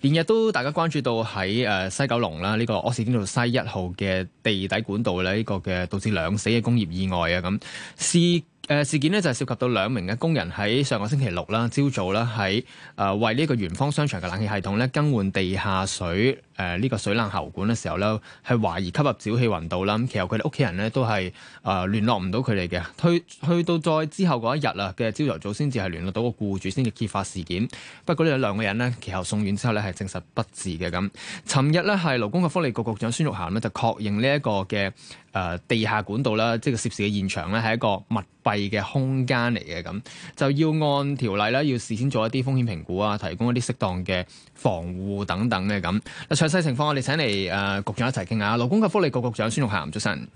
連日都大家關注到喺誒西九龍啦，呢個柯士甸道西一號嘅地底管道咧，呢個嘅導致兩死嘅工業意外啊咁。誒事件呢就係、是、涉及到兩名嘅工人喺上個星期六啦，朝早啦喺誒為呢一個元芳商場嘅冷氣系統咧更換地下水誒呢、呃這個水冷喉管嘅時候咧，係懷疑吸入沼氣雲度啦。咁其後佢哋屋企人咧都係誒、呃、聯絡唔到佢哋嘅。去去到再之後嗰一日啦嘅朝頭早先至係聯絡到個僱主先至揭發事件。不過呢有兩個人呢，其後送院之後咧係證實不治嘅咁。尋日呢，係勞工及福利局局長孫玉菡呢，就確認呢一個嘅。誒，地下管道啦，即係個涉事嘅現場咧，係一個密閉嘅空間嚟嘅，咁就要按條例咧，要事先做一啲風險評估啊，提供一啲適當嘅防護等等咧咁。嗱，詳細情況我哋請嚟，誒、呃、局長一齊傾下，勞工及福利局局長孫玉菡唔足身。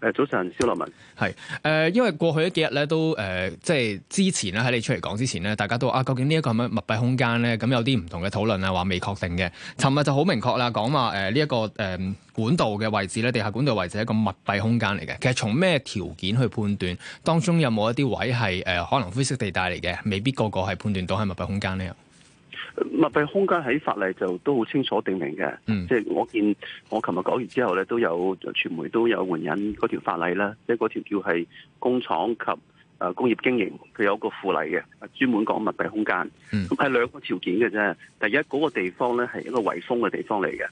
誒，早晨，蕭樂文係誒、呃，因為過去一幾日咧都誒，即、呃、係之前咧喺你出嚟講之前咧，大家都啊，究竟呢一個係咪密閉空間咧？咁有啲唔同嘅討論啊，話未確定嘅。尋日就好明確啦，講話誒呢一個誒、呃、管道嘅位置咧，地下管道的位置係一個密閉空間嚟嘅。其實從咩條件去判斷，當中有冇一啲位係誒、呃、可能灰色地帶嚟嘅？未必個個係判斷到係密閉空間呢。密閉空間喺法例就都好清楚定明嘅、嗯，即係我見我琴日講完之後咧，都有傳媒都有援引嗰條法例啦，即係嗰條叫係工廠及誒、呃、工業經營，佢有一個附例嘅，專門講密閉空間，咁、嗯、係兩個條件嘅啫。第一嗰、嗰個地方咧係一個圍封嘅地方嚟嘅，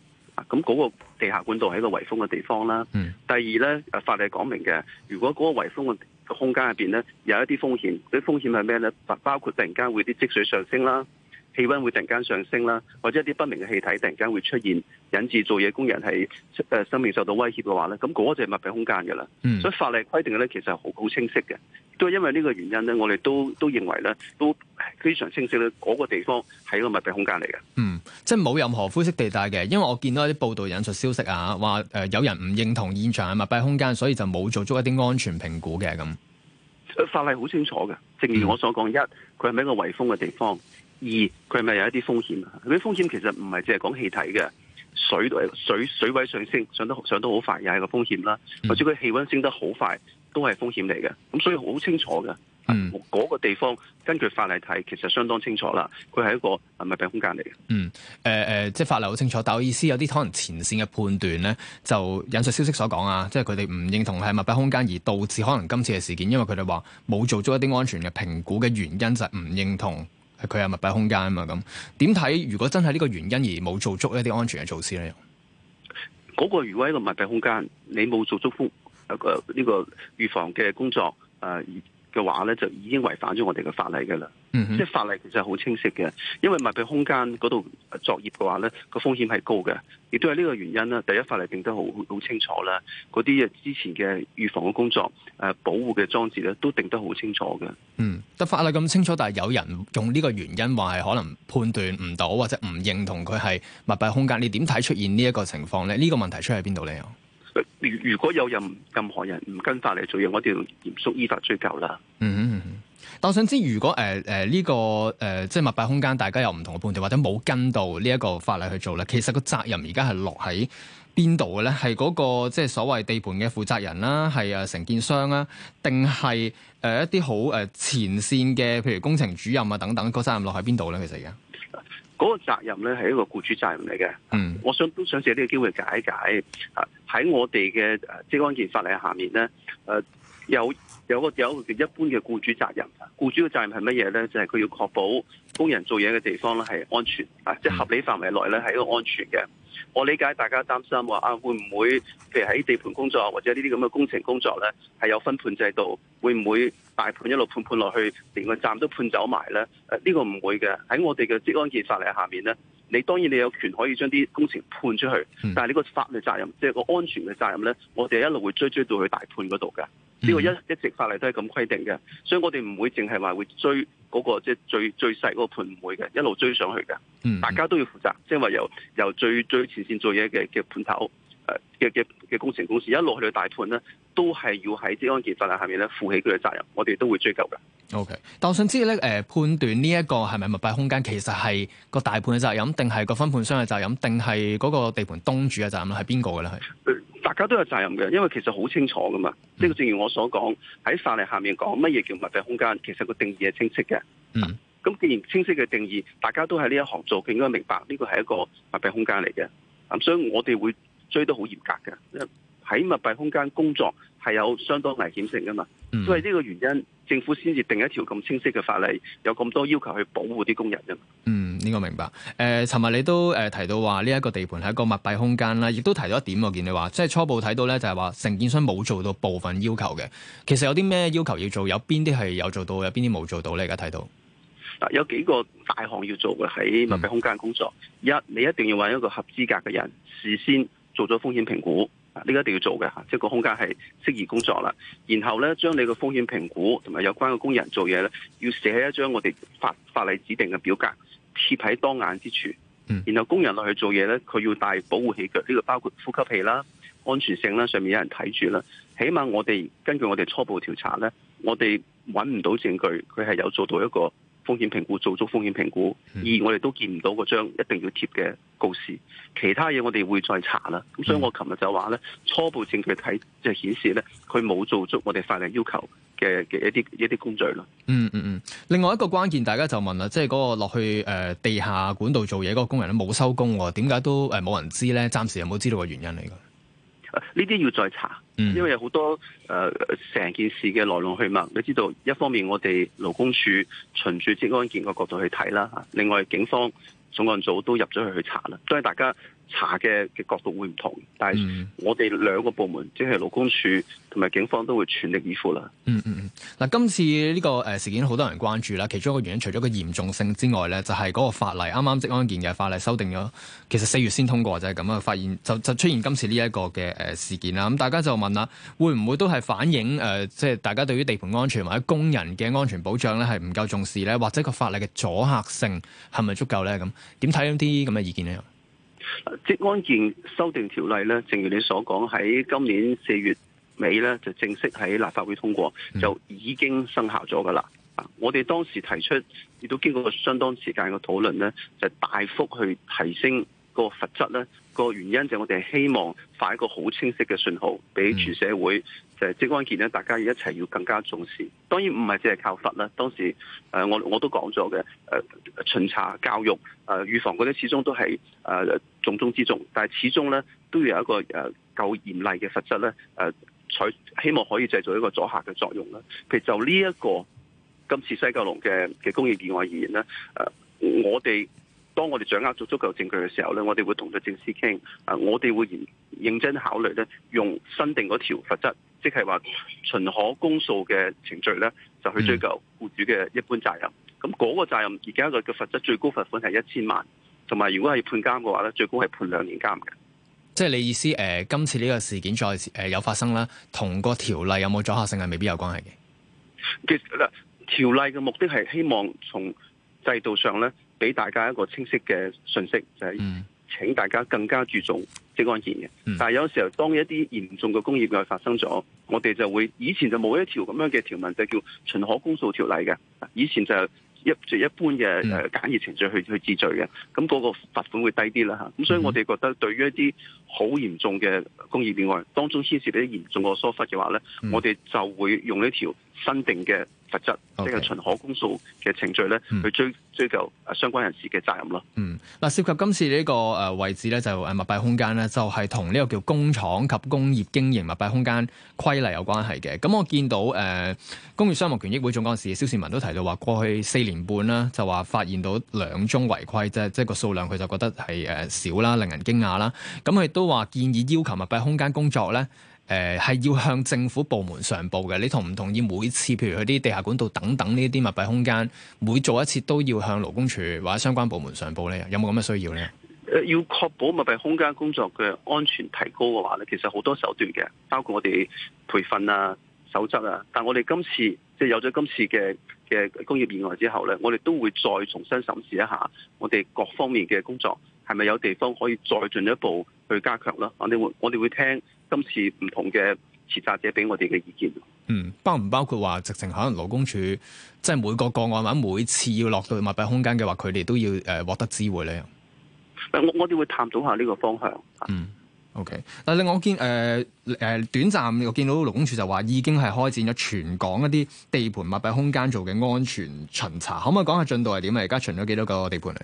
咁、嗰、嗰個地下管道係一個圍封嘅地方啦、嗯。第二咧誒法例講明嘅，如果嗰個圍封嘅空間入邊咧有一啲風險，啲風險係咩咧？包包括突然間會啲積水上升啦。氣温會突然間上升啦，或者一啲不明嘅氣體突然間會出現，引致做嘢工人係誒生命受到威脅嘅話咧，咁嗰只係密閉空間嘅啦、嗯。所以法例規定嘅咧，其實係好好清晰嘅。都係因為呢個原因咧，我哋都都認為咧，都非常清晰咧，嗰、那個地方係一個密閉空間嚟嘅。嗯，即係冇任何灰色地帶嘅，因為我見到一啲報道引述消息啊，話誒有人唔認同現場係密閉空間，所以就冇做足一啲安全評估嘅咁。法例好清楚嘅，正如我所講、嗯，一佢係咪一個圍封嘅地方。二佢係咪有一啲風險？啊。啲風險其實唔係淨係講氣體嘅，水水水位上升上得上得好快又係個風險啦，或者佢氣温升得好快都係風險嚟嘅。咁所以好清楚嘅，嗰、嗯嗰個地方根據法例睇其實相當清楚啦。佢係一個密閉空間嚟嘅。嗯，誒、呃、誒、呃，即係法例好清楚，但我意思有啲可能前線嘅判斷咧，就引述消息所講啊，即係佢哋唔認同係密閉空間而導致可能今次嘅事件，因為佢哋話冇做足一啲安全嘅評估嘅原因就係唔認同。佢有密閉空間啊嘛，咁點睇？如果真係呢個原因而冇做足一啲安全嘅措施咧，嗰個如果係一個密閉空間，你冇做足一個呢個預防嘅工作，誒、呃、嘅話咧，就已經違反咗我哋嘅法例㗎喇。嗯，即係法例其實好清晰嘅，因為密閉空間嗰度作業嘅話咧，個風險係高嘅，亦都係呢個原因啦。第一，法例定得好好清楚啦，嗰啲之前嘅預防嘅工作誒、啊、保護嘅裝置咧，都定得好清楚嘅。嗯，但法例咁清楚，但係有人用呢個原因話係可能判斷唔到或者唔認同佢係密閉空間，你點睇出現呢一個情況咧？呢、呢個問題出喺邊度咧？如果有任任何人唔跟法例做嘢，我哋要嚴肅依法追究啦。嗯嗯嗯。但我想知，如果誒誒呢個誒、呃、即係密閉空間，大家有唔同嘅判斷，或者冇跟到呢一個法例去做咧，其實個責任而家係落喺邊度嘅咧？係嗰、嗰個即係所謂地盤嘅負責人啦，係啊承建商啦，定係誒一啲好誒前線嘅，譬如工程主任啊等等，個責任落喺邊度咧？其實而家？嗰、那個責任咧係一個雇主責任嚟嘅。嗯、mm.，我想都想借呢個機會解一解啊，喺、啊、我哋嘅誒即係職安法例下面咧。啊有有個有一般嘅雇主責任，雇主嘅責任係乜嘢咧？就係、是、佢要確保工人做嘢嘅地方咧係安全，啊，即係合理範圍內咧係一個安全嘅。我理解大家擔心話啊，會唔會譬如喺地盤工作或者呢啲咁嘅工程工作咧，係有分判制度，會唔會大判一路判判落去，連個站都判走埋咧？呢、啊呢個唔會嘅，喺我哋嘅職安健法例下面咧。你當然你有權可以將啲工程判出去，但係呢個法律責任即係、就是、個安全嘅責任咧，我哋一路會追追到去大判嗰度嘅。呢、這個一一直法例都係咁規定嘅，所以我哋唔會淨係話會追嗰、那個即係、就是、最最細嗰個判唔會嘅，一路追上去嘅。大家都要負責，即係話由由最最前線做嘢嘅嘅判頭。嘅嘅嘅工程公司一路去到大判咧，都係要喺啲安健法例下面咧負起佢嘅責任，我哋都會追究嘅。O K. 但我想知道咧，誒、呃、判斷呢一個係咪密閉空間，其實係個大判嘅責任，定係個分判商嘅責任，定係嗰個地盤東主嘅責任咧？係邊個嘅咧？係大家都有責任嘅，因為其實好清楚噶嘛。呢、嗯、個正如我所講，喺法例下面講乜嘢叫密閉空間，其實個定義係清晰嘅。嗯，咁既然清晰嘅定義，大家都喺呢一行做，佢應該明白呢個係一個密閉空間嚟嘅。咁所以我哋會。追得好嚴格嘅，喺密閉空間工作係有相當危險性噶嘛、嗯。所以呢個原因，政府先至定一條咁清晰嘅法例，有咁多要求去保護啲工人噶嘛。嗯，呢、呢個明白。誒、呃，尋日你都誒提到話呢一個地盤係一個密閉空間啦，亦都提到一點。我見你話，即係初步睇到咧，就係話承建商冇做到部分要求嘅。其實有啲咩要求要做？有邊啲係有做到？有邊啲冇做到咧？而家睇到、啊，有幾個大項要做嘅喺密閉空間工作、嗯。一，你一定要揾一個合資格嘅人事先。做咗風險評估，呢、這個一定要做嘅，即、這、係個空間係適宜工作啦。然後咧，將你個風險評估同埋有關嘅工人做嘢咧，要寫喺一張我哋法法例指定嘅表格，貼喺當眼之處。然後工人落去做嘢咧，佢要帶保護器具，呢、這個包括呼吸器啦、安全性啦，上面有人睇住啦。起碼我哋根據我哋初步調查咧，我哋揾唔到證據，佢係有做到一個。風險評估做足風險評估，而我哋都見唔到嗰張一定要貼嘅告示，其他嘢我哋會再查啦。咁所以我尋日就話咧，初步證據睇即係顯示咧，佢冇做足我哋法例要求嘅嘅一啲一啲工序咯。嗯嗯嗯，另外一個關鍵，大家就問啦，即係嗰個落去誒地下管道做嘢嗰個工人咧冇收工，點解都誒冇人知咧？暫時有冇知道嘅原因嚟㗎？呢啲要再查，因為有好多誒，呃，成件事嘅來龍去脈。你知道一方面我哋勞工處循住職安健個角度去睇啦，另外警方重案組都入咗去去查啦。都係大家，查嘅嘅角度會唔同，但係我哋兩個部門，即係勞工處同埋警方，都會全力以赴啦。嗯嗯嗯。嗱，今次呢個誒事件好多人關注啦，其中一個原因，除咗個嚴重性之外咧，就係、是、嗰個法例啱啱職安健嘅法例修訂咗，其實四月先通過啫。咁、就、啊、是，發現就就出現今次呢一個嘅誒事件啦。咁大家就問啦，會唔會都係反映誒，即、呃、係、就是、大家對於地盤安全或者工人嘅安全保障咧，係唔夠重視咧，或者個法例嘅阻嚇性係咪足夠咧？咁點睇呢啲咁嘅意見呢？職安健修訂條例咧，正如你所講，喺今年四月尾咧就正式喺立法會通過，就已經生效咗噶啦。我哋當時提出，亦都經過相當時間嘅討論咧，就大幅去提升個罰則咧。個原因就係我哋希望發一個好清晰嘅信號，俾全社會誒，即、就、係、是、關鍵咧，大家要一齊要更加重視。當然唔係淨係靠罰啦。當時誒，我我都講咗嘅誒，巡、呃、查、教育、誒、呃、預防嗰啲，始終都係誒重中之重。但係始終咧，都要有一個誒夠嚴厲嘅罰則咧。誒、呃，才希望可以製造一個阻嚇嘅作用啦。譬如就呢、這、一個今次西九龍嘅嘅工業意外而言咧，誒、呃，我哋。當我哋掌握咗足，足夠證據嘅時候咧，我哋會同佢證司傾。啊，我哋會嚴認真考慮咧，用新定嗰條罰則，即係話循可公訴嘅程序咧，就去追究僱主嘅一般責任。咁、嗯、嗰個責任而家個嘅罰則最高罰款係一千萬，同埋如果係判監嘅話咧，最高係判兩年監嘅。即係你意思誒、呃？今次呢個事件再誒、呃、有發生啦，同個條例有冇阻嚇性係未必有關係嘅。其實嗱，條例嘅目的係希望從制度上咧。俾大家一個清晰嘅信息，就係、嗯、請大家更加注重職安健嘅。但係有時候，當一啲嚴重嘅工業嘅發生咗，我哋就會以前就冇一條咁樣嘅條文，就叫《循可公訴條例》嘅。以前就一一般嘅誒簡易程序去去治罪嘅，咁嗰個罰款會低啲啦嚇。咁所以我哋覺得對於一啲好嚴重嘅工業意外，當中牽涉到嚴重嘅疏忽嘅話咧、嗯，我哋就會用呢條新定嘅罰則，即係循可公訴嘅程序咧、嗯，去追追究相關人士嘅責任咯。嗯，嗱涉及今次呢個位置咧，就密閉空間咧，就係同呢個叫工廠及工業經營密閉空間規例有關係嘅。咁我見到誒、呃、工業商務權益會總幹事蕭市文都提到話，過去四年半啦，就話發現到兩宗違規，即係即係個數量佢就覺得係少啦，令人驚訝啦。咁佢都都話建議要求密閉空間工作呢誒，係要向政府部門上報嘅。你同唔同意每次，譬如去啲地下管道等等呢啲密閉空間，每做一次都要向勞工處或者相關部門上報呢？有冇咁嘅需要呢？要確保密閉空間工作嘅安全提高嘅話呢，其實好多手段嘅，包括我哋培訓啊、守則啊。但我哋今次即係、就是、有咗今次嘅嘅工業意外之後呢，我哋都會再重新審視一下我哋各方面嘅工作係咪有地方可以再進一步。去加強咯，我哋會我哋會聽今次唔同嘅持份者俾我哋嘅意見。嗯，包唔包括話直情可能勞工處即係每個個案或每次要落到密閉空間嘅話，佢哋都要誒、呃、獲得支援咧。我我哋會探討下呢個方向。啊、嗯，OK。嗱，另外我見誒誒、呃、短暫又見到勞工處就話已經係開展咗全港一啲地盤密閉空間做嘅安全巡查，可唔可以講下進度係點啊？而家巡咗幾多個地盤嚟？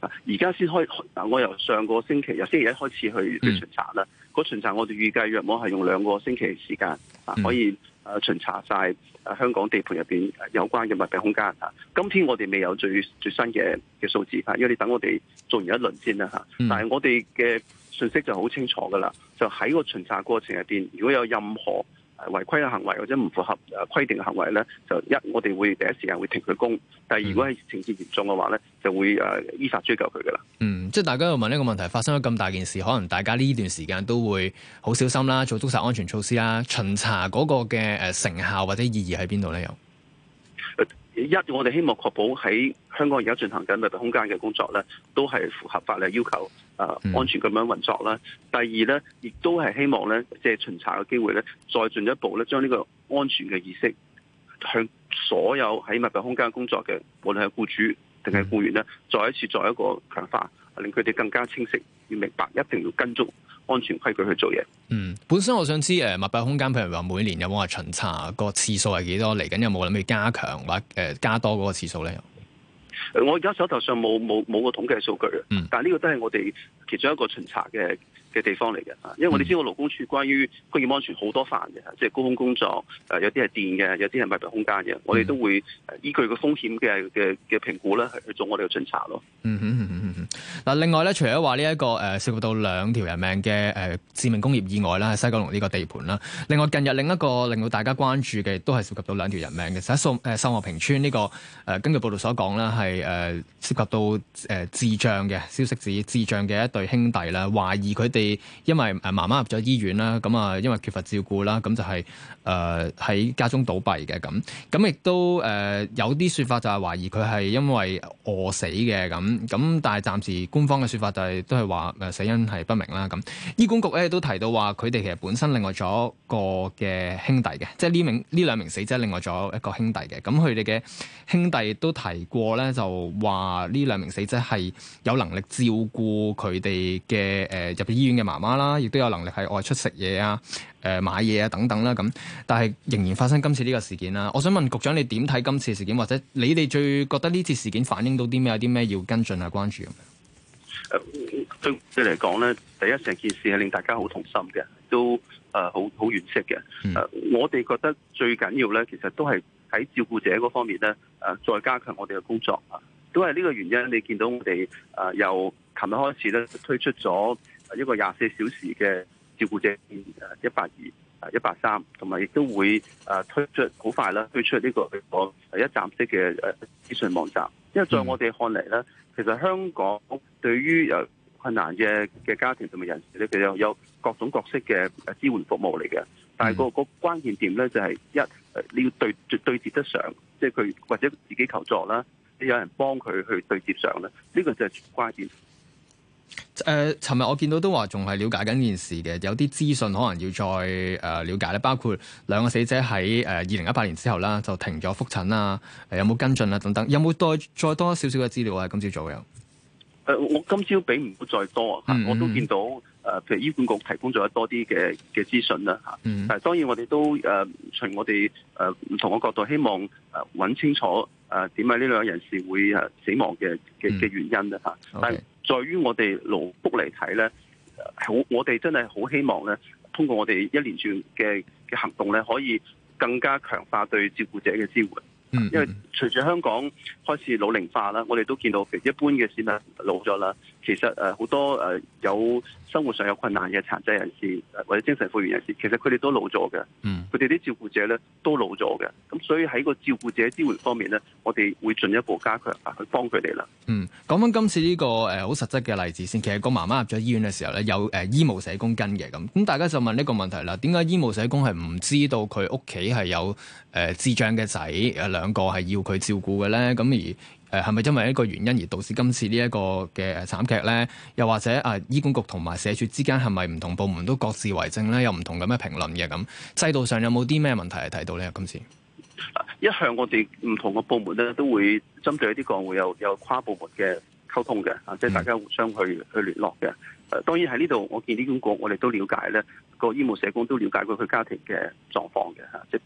而家先開，嗱，我由上個星期由星期一開始去、嗯、去巡查啦。嗰、那個、巡查我哋預計約莫係用兩個星期嘅時間，啊、嗯，可以啊、呃、巡查曬、呃、香港地盤入邊有關嘅密閉空間啊。今天我哋未有最最新嘅嘅數字啊，因為你等我哋做完一輪先啦嚇、啊嗯。但係我哋嘅訊息就好清楚噶啦，就喺個巡查過程入邊，如果有任何。違規嘅行為或者唔符合誒規定嘅行為咧，就一我哋會第一時間會停佢工；第二、嗯、如果係情節嚴重嘅話咧，就會依法追究佢㗎啦。嗯，即係大家要問呢個問題發生咗咁大件事，可能大家呢段時間都會好小心啦，做足晒安全措施啦。巡查嗰個嘅誒成效或者意義喺邊度咧？有一，我哋希望確保喺香港而家進行緊密閉空間嘅工作咧，都係符合法例要求。誒、嗯、安全咁樣運作啦。第二咧，亦都係希望咧，即係巡查嘅機會咧，再進一步咧，將呢個安全嘅意識向所有喺密閉空間工作嘅，無論係僱主定係僱員咧、嗯，再一次作一個強化，令佢哋更加清晰，要明白一定要跟足安全規矩去做嘢。嗯，本身我想知誒密閉空間，譬如話每年有冇話巡查個次數係幾多？嚟緊有冇諗要加強或誒、呃、加多嗰個次數咧？我而家手頭上冇冇冇個統計數據啊，但係呢個都係我哋其中一個巡查嘅嘅地方嚟嘅嚇，因為我哋知道勞工處關於工業安全好多範嘅，即係高空工作，誒有啲係電嘅，有啲係密閉空間嘅，嗯、我哋都會依據個風險嘅嘅嘅評估咧，去做我哋嘅巡查咯。嗱、嗯嗯嗯，另外咧、這個，除咗話呢一個誒涉及到兩條人命嘅誒致命工業意外啦，西九龍呢個地盤啦，另外近日另一個令到大家關注嘅都係涉及到兩條人命嘅，喺掃秀茂坪村呢、這個誒、呃，根據報道所講咧，係、呃、誒涉及到誒、呃、智障嘅消息指智障嘅一對兄弟啦，懷疑佢哋。因為誒媽媽入咗醫院啦，咁啊因為缺乏照顧啦，咁就係誒喺家中倒斃嘅，咁，咁亦都誒、呃、有啲說法就係懷疑佢係因為餓死嘅咁，咁但係暫時官方嘅說法就係、是、都係話誒死因係不明啦咁，醫管局咧都提到話佢哋其實本身另外咗個嘅兄弟嘅，即係呢名呢兩名死者另外咗一個兄弟嘅，咁佢哋嘅兄弟都提過咧就話呢兩名死者係有能力照顧佢哋嘅誒入醫院。嘅媽媽啦，亦都有能力係外出食嘢啊、誒買嘢啊等等啦。咁，但係仍然發生今次呢個事件啦。我想問局長，你點睇今次事件，或者你哋最覺得呢次事件反映到啲咩？有啲咩要跟進啊？關注咁誒，對對嚟講咧，第一成件事係令大家好痛心嘅，都誒好好惋惜嘅。我哋覺得最緊要咧，其實都係喺照顧者嗰方面咧，誒再加強我哋嘅工作啊。都係呢個原因，你見到我哋誒由琴日開始咧推出咗。一個廿四小時嘅照顧者，誒一百二、誒一百三，同埋亦都會推出好快啦，推出呢、這個佢第一,一站式嘅誒資訊網站。因為在我哋看嚟咧，其實香港對於有困難嘅嘅家庭同埋人士咧，其實有各種各式嘅支援服務嚟嘅。但係個個關鍵點咧、就是，就係一你要對對，對接得上，即係佢或者自己求助啦，有人幫佢去對接上咧，呢、這個就係關鍵。誒、呃，尋日我見到都話仲係了解緊件事嘅，有啲資訊可能要再誒了、呃、解咧，包括兩個死者喺誒二零一八年之後啦，就停咗覆診啊、呃，有冇跟進啦等等，有冇再再多少少嘅資料啊？今朝早有誒，我今朝比唔會再多，嗯啊、我都見到誒、啊，譬如醫管局提供咗多啲嘅嘅資訊啦嚇，但、啊、係、嗯啊、當然我哋都誒，從、啊、我哋誒唔同嘅角度，希望誒揾、啊、清楚誒點解呢兩個人士會誒、啊、死亡嘅嘅嘅原因啦嚇、啊，但係。嗯 okay. 在於我哋勞福嚟睇咧，好我哋真係好希望咧，通過我哋一連串嘅嘅行動咧，可以更加強化對照顧者嘅支援。因為隨住香港開始老齡化啦，我哋都見到一般嘅市民老咗啦。其實誒好多誒有生活上有困難嘅殘疾人士或者精神復原人士，其實佢哋都老咗嘅。佢哋啲照顧者咧都老咗嘅。咁所以喺個照顧者支援方面咧，我哋會進一步加強去幫佢哋啦。嗯，講翻今次呢個誒好實質嘅例子先。其實個媽媽入咗醫院嘅時候咧，有誒醫務社工跟嘅咁。咁大家就問呢個問題啦，點解醫務社工係唔知道佢屋企係有誒智障嘅仔？兩個係要佢照顧嘅咧，咁而誒係咪因為一個原因而導致今次這個呢一個嘅慘劇咧？又或者啊，醫管局同埋社署之間係咪唔同部門都各自為政咧？有唔同咁嘅評論嘅，咁制度上有冇啲咩問題係睇到咧？今次一向我哋唔同嘅部門咧都會針對一啲個案會有有跨部門嘅溝通嘅、啊、即係大家互相去去聯絡嘅、啊。當然喺呢度，我見呢種個局我哋都了解咧，嗰個醫務社工都了解過佢家庭嘅狀況嘅吓，即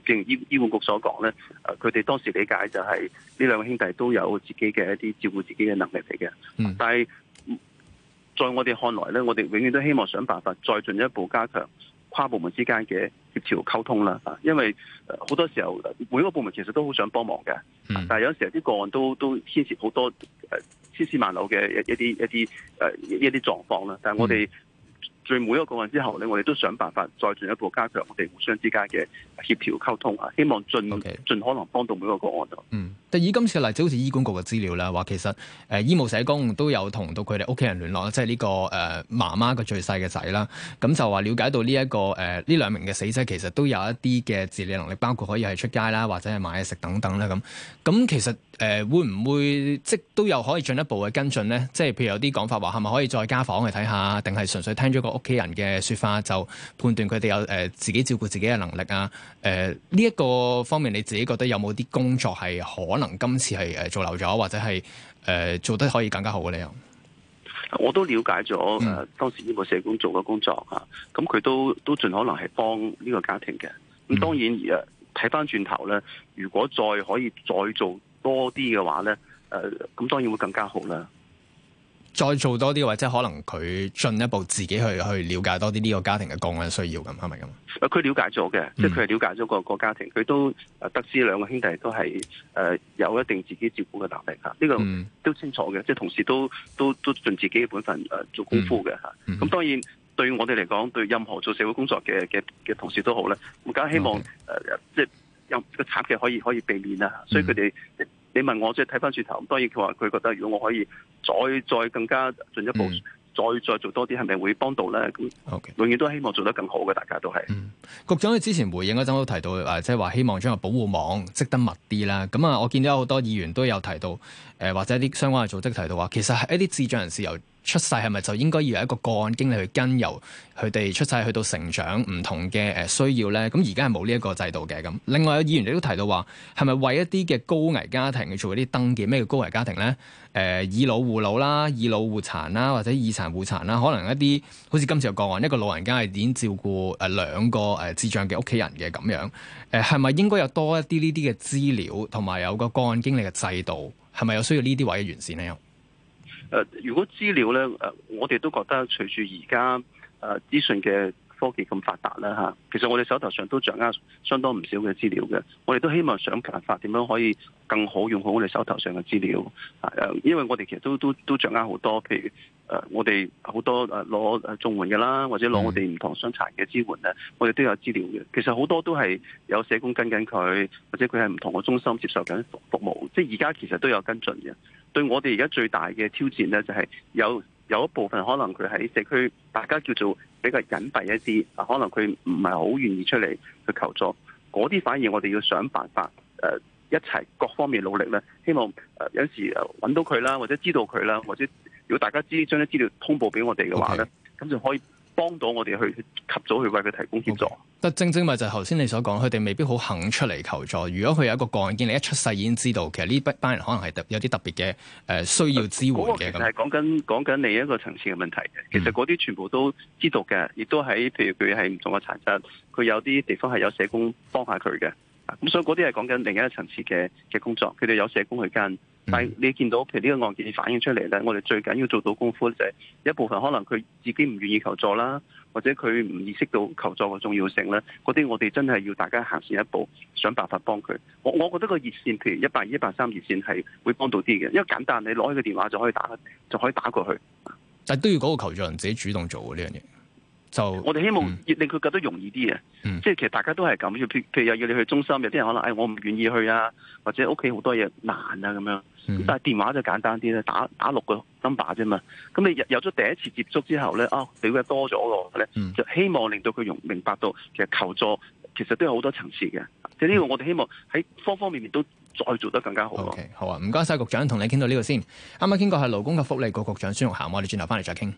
正如醫醫管局所講咧，佢哋當時理解就係呢兩位兄弟都有自己嘅一啲照顧自己嘅能力嚟嘅。嗯，但係在我哋看來咧，我哋永遠都希望想辦法再進一步加強跨部門之間嘅協調溝通啦。啊，因為好多時候每個部門其實都好想幫忙嘅、嗯，但係有時候啲個案都都牽涉好多誒、呃、千絲萬縷嘅一一啲一啲誒、呃、一啲狀況啦。但係我哋。嗯最每一個案之後咧，我哋都想辦法再進一步加強我哋互相之間嘅協調溝通啊，希望盡、okay. 盡可能幫到每一個個案咯。嗯，以今次嘅例子好似醫管局嘅資料啦，話其實誒、呃、醫務社工都有同到佢哋屋企人聯絡即係呢個誒、呃、媽媽嘅最細嘅仔啦。咁就話了解到呢、這、一個呢、呃、兩名嘅死者，其實都有一啲嘅自理能力，包括可以係出街啦，或者係買嘢食等等啦咁。咁其實誒、呃、會唔會即都有可以進一步嘅跟進呢？即係譬如有啲講法話係咪可以再家訪去睇下，定係純粹聽咗個屋企人嘅説法就判斷佢哋有誒、呃、自己照顧自己嘅能力啊！誒呢一個方面，你自己覺得有冇啲工作係可能今次係誒做漏咗，或者係誒、呃、做得可以更加好嘅咧？啊！我都了解咗誒、嗯呃、當時呢個社工做嘅工作啊，咁佢都都盡可能係幫呢個家庭嘅。咁當然誒，睇翻轉頭咧，如果再可以再做多啲嘅話咧，誒、呃、咁當然會更加好啦。再做多啲，或者可能佢進一步自己去去了解多啲呢個家庭嘅個案需要咁，係咪咁？啊，佢了解咗嘅、嗯，即係佢係了解咗個個家庭，佢都得知兩個兄弟都係誒有一定自己照顧嘅能力嚇，呢、嗯這個都清楚嘅、嗯，即係同事都都都盡自己嘅本分誒做功夫嘅嚇。咁、嗯嗯、當然對我哋嚟講，對任何做社會工作嘅嘅嘅同事都好啦。我梗係希望誒、嗯呃，即係有個慘劇可以可以避免啦，所以佢哋。嗯你問我即係睇翻轉頭，當然佢話佢覺得如果我可以再再更加進一步，嗯、再再做多啲，係咪會幫到咧？咁、okay. 永遠都希望做得更好嘅，大家都係。嗯，局長你之前回應嗰陣都提到，誒即係話希望將個保護網織得密啲啦。咁啊，我見到好多議員都有提到，呃、或者啲相關嘅組織提到話，其實係一啲智障人士由出世係咪就應該要有一個個案經歷去跟由佢哋出世去到成長唔同嘅誒需要咧？咁而家係冇呢一個制度嘅咁。另外有議員亦都提到話，係咪為一啲嘅高危家庭去做一啲登記？咩叫高危家庭咧？誒、呃，以老護老啦，以老護殘啦，或者以殘護殘啦，可能一啲好似今次個案，一個老人家係點照顧誒兩個誒智障嘅屋企人嘅咁樣？誒係咪應該有多一啲呢啲嘅資料，同埋有個個案經歷嘅制度？係咪有需要呢啲位嘅完善呢？誒、呃，如果資料咧，誒、呃，我哋都覺得隨住而家誒資訊嘅科技咁發達啦嚇，其實我哋手頭上都掌握相當唔少嘅資料嘅，我哋都希望想辦法點樣可以更好用好我哋手頭上嘅資料。誒，因為我哋其實都都都掌握好多，譬如誒，我哋好多誒攞綜援嘅啦，或者攞我哋唔同傷殘嘅支援咧，我哋都有資料嘅。其實好多都係有社工跟緊佢，或者佢喺唔同嘅中心接受緊服務。即係而家其實都有跟進嘅。對我哋而家最大嘅挑戰咧，就係有。有一部分可能佢喺社區，大家叫做比較隱蔽一啲，可能佢唔係好願意出嚟去求助。嗰啲反而我哋要想辦法，呃、一齊各方面努力咧，希望誒、呃、有時揾到佢啦，或者知道佢啦，或者如果大家知將啲資料通報俾我哋嘅話咧，咁、okay. 就可以。幫到我哋去及早去為佢提供協助。但、okay. 正正咪就係頭先你所講，佢哋未必好肯出嚟求助。如果佢有一個個案件，你一出世已經知道，其實呢班人可能係特有啲特別嘅誒需要支援嘅。咁、那個，其實係講緊講緊另一個層次嘅問題嘅。其實嗰啲全部都知道嘅，亦都喺譬如佢係唔同嘅殘疾，佢有啲地方係有社工幫下佢嘅。咁、嗯、所以嗰啲係講緊另一個層次嘅嘅工作，佢哋有社工去跟，但係你見到譬如呢個案件反映出嚟咧，我哋最緊要做到功夫就係一部分可能佢自己唔願意求助啦，或者佢唔意識到求助嘅重要性咧，嗰啲我哋真係要大家行前一步，想辦法幫佢。我我覺得個熱線譬如182 183熱線係會幫到啲嘅，因為簡單你攞起個電話就可以打就可以打過去，但係都要嗰個求助人自己主動做嘅呢樣嘢。就、嗯、我哋希望令佢覺得容易啲嘅，即、嗯、係其實大家都係咁，譬如又要你去中心，有啲人可能，哎，我唔願意去啊，或者屋企好多嘢難啊咁樣。但係電話就簡單啲咧，打打六個 number 啫嘛。咁你有咗第一次接觸之後咧，啊，了解多咗咯咧，就希望令到佢容明白到，其實求助其實都有好多層次嘅。即係呢個我哋希望喺方方面面都再做得更加好 okay，好啊，唔該晒局長，同你傾到呢度先。啱啱傾過係勞工及福利局局，局長孫玉菡，我哋轉頭翻嚟再傾。